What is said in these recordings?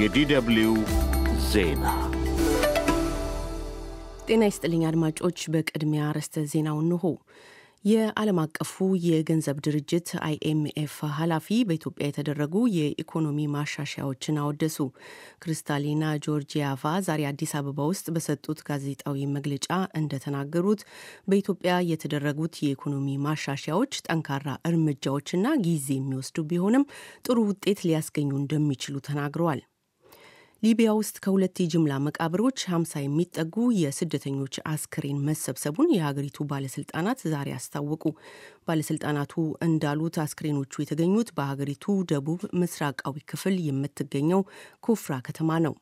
የዲደብልዩ ዜና ጤና ይስጥልኝ አድማጮች። በቅድሚያ አርዕስተ ዜናው እንሆ። የዓለም አቀፉ የገንዘብ ድርጅት አይኤምኤፍ ኃላፊ በኢትዮጵያ የተደረጉ የኢኮኖሚ ማሻሻያዎችን አወደሱ። ክሪስታሊና ጆርጂያቫ ዛሬ አዲስ አበባ ውስጥ በሰጡት ጋዜጣዊ መግለጫ እንደተናገሩት በኢትዮጵያ የተደረጉት የኢኮኖሚ ማሻሻያዎች ጠንካራ እርምጃዎችና ጊዜ የሚወስዱ ቢሆንም ጥሩ ውጤት ሊያስገኙ እንደሚችሉ ተናግረዋል። ሊቢያ ውስጥ ከሁለት የጅምላ መቃብሮች 50 የሚጠጉ የስደተኞች አስክሬን መሰብሰቡን የሀገሪቱ ባለስልጣናት ዛሬ አስታወቁ። ባለስልጣናቱ እንዳሉት አስክሬኖቹ የተገኙት በሀገሪቱ ደቡብ ምስራቃዊ ክፍል የምትገኘው ኮፍራ ከተማ ነው።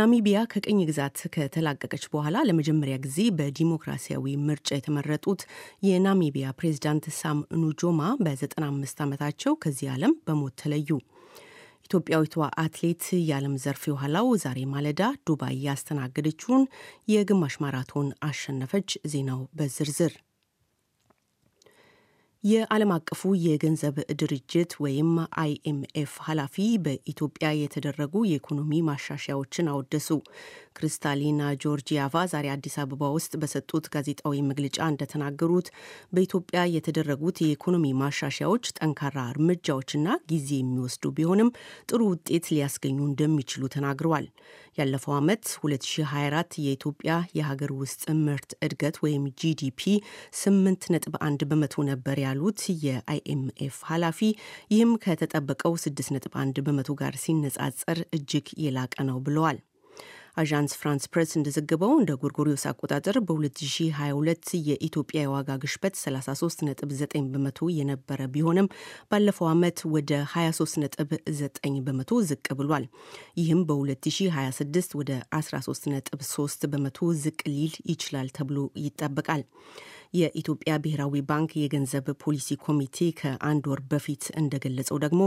ናሚቢያ ከቅኝ ግዛት ከተላቀቀች በኋላ ለመጀመሪያ ጊዜ በዲሞክራሲያዊ ምርጫ የተመረጡት የናሚቢያ ፕሬዚዳንት ሳም ኑጆማ በ95 ዓመታቸው ከዚህ ዓለም በሞት ተለዩ። ኢትዮጵያዊቷ አትሌት የዓለም ዘርፍ የኋላው ዛሬ ማለዳ ዱባይ ያስተናገደችውን የግማሽ ማራቶን አሸነፈች። ዜናው በዝርዝር የዓለም አቀፉ የገንዘብ ድርጅት ወይም አይኤምኤፍ ኃላፊ በኢትዮጵያ የተደረጉ የኢኮኖሚ ማሻሻያዎችን አወደሱ። ክሪስታሊና ጆርጂያቫ ዛሬ አዲስ አበባ ውስጥ በሰጡት ጋዜጣዊ መግለጫ እንደተናገሩት በኢትዮጵያ የተደረጉት የኢኮኖሚ ማሻሻያዎች ጠንካራ እርምጃዎችና ጊዜ የሚወስዱ ቢሆንም ጥሩ ውጤት ሊያስገኙ እንደሚችሉ ተናግረዋል። ያለፈው ዓመት 2024 የኢትዮጵያ የሀገር ውስጥ ምርት እድገት ወይም ጂዲፒ 8.1 በመቶ ነበር ያሉት የአይኤምኤፍ ኃላፊ፣ ይህም ከተጠበቀው 6.1 በመቶ ጋር ሲነጻጸር እጅግ የላቀ ነው ብለዋል። አዣንስ ፍራንስ ፕሬስ እንደዘገበው እንደ ጎርጎሪዮስ አቆጣጠር በ2022 የኢትዮጵያ የዋጋ ግሽበት 33.9 በመቶ የነበረ ቢሆንም ባለፈው ዓመት ወደ 23.9 በመቶ ዝቅ ብሏል። ይህም በ2026 ወደ 13.3 በመቶ ዝቅ ሊል ይችላል ተብሎ ይጠበቃል። የኢትዮጵያ ብሔራዊ ባንክ የገንዘብ ፖሊሲ ኮሚቴ ከአንድ ወር በፊት እንደገለጸው ደግሞ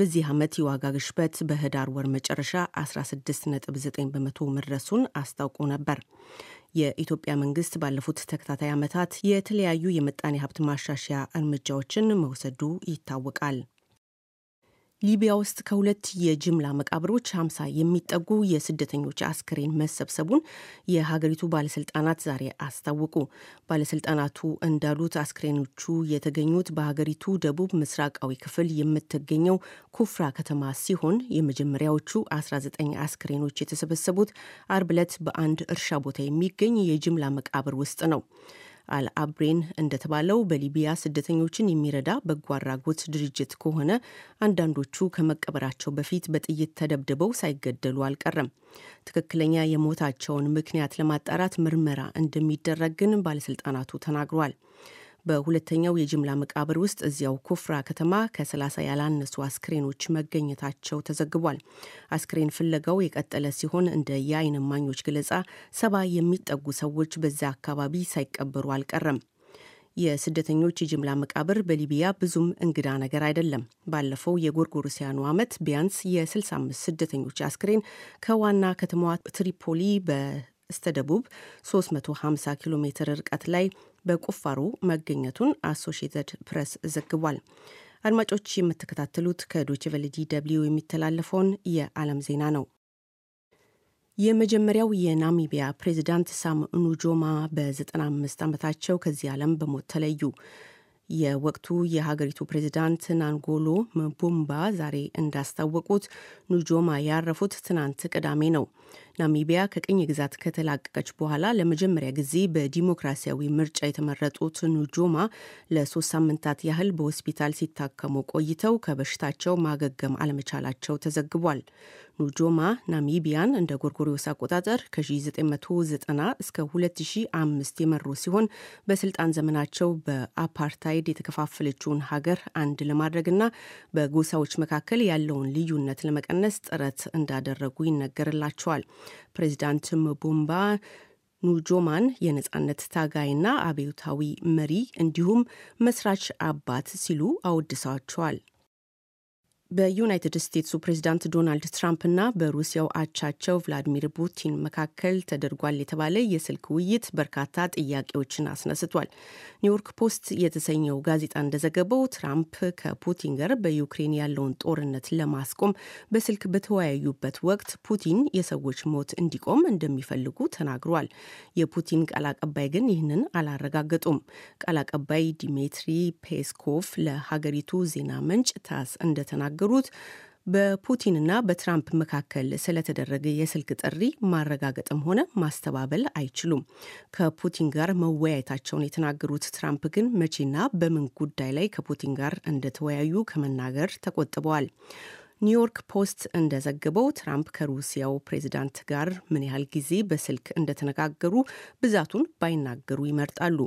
በዚህ ዓመት የዋጋ ግሽበት በህዳር ወር መጨረሻ 16.9 በመቶ መድረሱን አስታውቆ ነበር። የኢትዮጵያ መንግስት ባለፉት ተከታታይ ዓመታት የተለያዩ የመጣኔ ሀብት ማሻሻያ እርምጃዎችን መውሰዱ ይታወቃል። ሊቢያ ውስጥ ከሁለት የጅምላ መቃብሮች ሀምሳ የሚጠጉ የስደተኞች አስክሬን መሰብሰቡን የሀገሪቱ ባለስልጣናት ዛሬ አስታወቁ። ባለስልጣናቱ እንዳሉት አስክሬኖቹ የተገኙት በሀገሪቱ ደቡብ ምስራቃዊ ክፍል የምትገኘው ኩፍራ ከተማ ሲሆን የመጀመሪያዎቹ 19 አስክሬኖች የተሰበሰቡት አርብ ዕለት በአንድ እርሻ ቦታ የሚገኝ የጅምላ መቃብር ውስጥ ነው። አልአብሬን እንደተባለው በሊቢያ ስደተኞችን የሚረዳ በጎ አድራጎት ድርጅት ከሆነ አንዳንዶቹ ከመቀበራቸው በፊት በጥይት ተደብድበው ሳይገደሉ አልቀረም። ትክክለኛ የሞታቸውን ምክንያት ለማጣራት ምርመራ እንደሚደረግ ግን ባለስልጣናቱ ተናግሯል። በሁለተኛው የጅምላ መቃብር ውስጥ እዚያው ኩፍራ ከተማ ከ30 ያላነሱ አስክሬኖች መገኘታቸው ተዘግቧል። አስክሬን ፍለጋው የቀጠለ ሲሆን እንደ የአይን እማኞች ገለጻ ሰባ የሚጠጉ ሰዎች በዛ አካባቢ ሳይቀበሩ አልቀረም። የስደተኞች የጅምላ መቃብር በሊቢያ ብዙም እንግዳ ነገር አይደለም። ባለፈው የጎርጎሮሲያኑ ዓመት ቢያንስ የ65 ስደተኞች አስክሬን ከዋና ከተማዋ ትሪፖሊ በስተደቡብ 350 ኪሎ ሜትር ርቀት ላይ በቁፋሮ መገኘቱን አሶሽትድ ፕሬስ ዘግቧል። አድማጮች የምትከታተሉት ከዶችቨል ቨለ ዲ ደብልዩ የሚተላለፈውን የዓለም ዜና ነው። የመጀመሪያው የናሚቢያ ፕሬዚዳንት ሳም ኑጆማ በ95 ዓመታቸው ከዚህ ዓለም በሞት ተለዩ። የወቅቱ የሀገሪቱ ፕሬዚዳንት ናንጎሎ ምቡምባ ዛሬ እንዳስታወቁት ኑጆማ ያረፉት ትናንት ቅዳሜ ነው። ናሚቢያ ከቅኝ ግዛት ከተላቀቀች በኋላ ለመጀመሪያ ጊዜ በዲሞክራሲያዊ ምርጫ የተመረጡት ኑጆማ ለሶስት ሳምንታት ያህል በሆስፒታል ሲታከሙ ቆይተው ከበሽታቸው ማገገም አለመቻላቸው ተዘግቧል። ሩጆማ ናሚቢያን እንደ ጎርጎሪዮስ አቆጣጠር ከ1990 እስከ 2005 የመሩ ሲሆን በስልጣን ዘመናቸው በአፓርታይድ የተከፋፈለችውን ሀገር አንድ ለማድረግና በጎሳዎች መካከል ያለውን ልዩነት ለመቀነስ ጥረት እንዳደረጉ ይነገርላቸዋል። ፕሬዚዳንት ቡምባ ኑጆማን የነጻነት ታጋይና አብዮታዊ መሪ እንዲሁም መስራች አባት ሲሉ አወድሰዋቸዋል። በዩናይትድ ስቴትሱ ፕሬዚዳንት ዶናልድ እና በሩሲያው አቻቸው ቭላዲሚር ፑቲን መካከል ተደርጓል የተባለ የስልክ ውይይት በርካታ ጥያቄዎችን አስነስቷል። ኒውዮርክ ፖስት የተሰኘው ጋዜጣ እንደዘገበው ትራምፕ ከፑቲን ጋር በዩክሬን ያለውን ጦርነት ለማስቆም በስልክ በተወያዩበት ወቅት ፑቲን የሰዎች ሞት እንዲቆም እንደሚፈልጉ ተናግሯል። የፑቲን ቃል አቀባይ ግን ይህንን አላረጋገጡም። ቃል አቀባይ ዲሜትሪ ፔስኮቭ ለሀገሪቱ ዜና ምንጭ ታስ እንደተናገሩ የተናገሩት በፑቲንና በትራምፕ መካከል ስለተደረገ የስልክ ጥሪ ማረጋገጥም ሆነ ማስተባበል አይችሉም። ከፑቲን ጋር መወያየታቸውን የተናገሩት ትራምፕ ግን መቼና በምን ጉዳይ ላይ ከፑቲን ጋር እንደተወያዩ ከመናገር ተቆጥበዋል። ኒውዮርክ ፖስት እንደዘገበው ትራምፕ ከሩሲያው ፕሬዚዳንት ጋር ምን ያህል ጊዜ በስልክ እንደተነጋገሩ ብዛቱን ባይናገሩ ይመርጣሉ።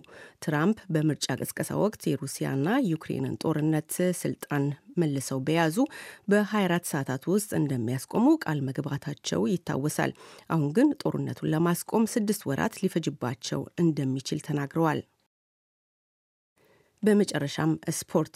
ትራምፕ በምርጫ ቅስቀሳ ወቅት የሩሲያና ዩክሬንን ጦርነት ስልጣን መልሰው በያዙ በ24 ሰዓታት ውስጥ እንደሚያስቆሙ ቃል መግባታቸው ይታወሳል። አሁን ግን ጦርነቱን ለማስቆም ስድስት ወራት ሊፈጅባቸው እንደሚችል ተናግረዋል። በመጨረሻም ስፖርት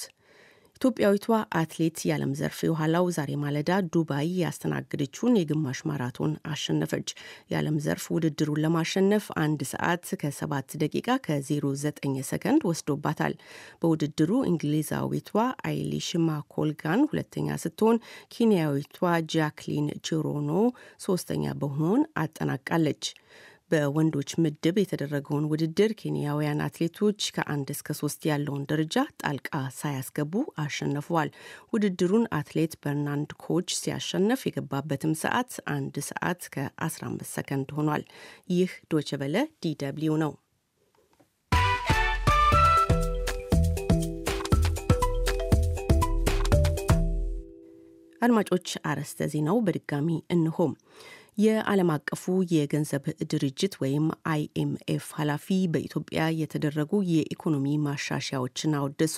ኢትዮጵያዊቷ አትሌት የዓለም ዘርፍ የኋላው ዛሬ ማለዳ ዱባይ ያስተናገደችውን የግማሽ ማራቶን አሸነፈች። የዓለም ዘርፍ ውድድሩን ለማሸነፍ አንድ ሰዓት ከ7 ደቂቃ ከ09 ሰከንድ ወስዶባታል። በውድድሩ እንግሊዛዊቷ አይሊሽ ማኮልጋን ሁለተኛ ስትሆን ኬንያዊቷ ጃክሊን ቺሮኖ ሶስተኛ በመሆን አጠናቃለች። በወንዶች ምድብ የተደረገውን ውድድር ኬንያውያን አትሌቶች ከአንድ እስከ ሶስት ያለውን ደረጃ ጣልቃ ሳያስገቡ አሸንፈዋል። ውድድሩን አትሌት በርናንድ ኮች ሲያሸንፍ የገባበትም ሰዓት አንድ ሰዓት ከ15 ሰከንድ ሆኗል። ይህ ዶችቨለ ዲደብሊው ነው። አድማጮች አርዕስተ ዜናው በድጋሚ እንሆም። የዓለም አቀፉ የገንዘብ ድርጅት ወይም አይኤምኤፍ ኃላፊ በኢትዮጵያ የተደረጉ የኢኮኖሚ ማሻሻያዎችን አወደሱ።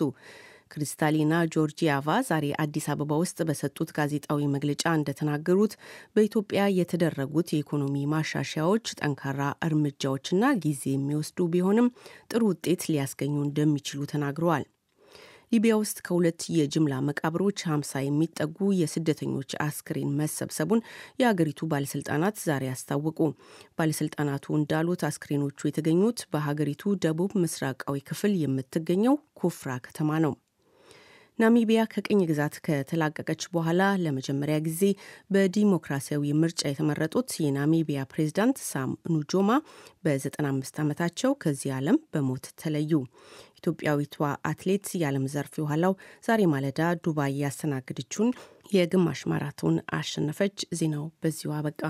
ክሪስታሊና ጆርጂያቫ ዛሬ አዲስ አበባ ውስጥ በሰጡት ጋዜጣዊ መግለጫ እንደተናገሩት በኢትዮጵያ የተደረጉት የኢኮኖሚ ማሻሻያዎች ጠንካራ እርምጃዎችና ጊዜ የሚወስዱ ቢሆንም ጥሩ ውጤት ሊያስገኙ እንደሚችሉ ተናግረዋል። ሊቢያ ውስጥ ከሁለት የጅምላ መቃብሮች ሀምሳ የሚጠጉ የስደተኞች አስክሬን መሰብሰቡን የሀገሪቱ ባለስልጣናት ዛሬ አስታወቁ። ባለስልጣናቱ እንዳሉት አስክሬኖቹ የተገኙት በሀገሪቱ ደቡብ ምስራቃዊ ክፍል የምትገኘው ኩፍራ ከተማ ነው። ናሚቢያ ከቅኝ ግዛት ከተላቀቀች በኋላ ለመጀመሪያ ጊዜ በዲሞክራሲያዊ ምርጫ የተመረጡት የናሚቢያ ፕሬዝዳንት ሳም ኑጆማ በ95 ዓመታቸው ከዚህ ዓለም በሞት ተለዩ። ኢትዮጵያዊቷ አትሌት የዓለም ዘርፍ የኋላው ዛሬ ማለዳ ዱባይ ያስተናገደችውን የግማሽ ማራቶን አሸነፈች። ዜናው በዚሁ አበቃ።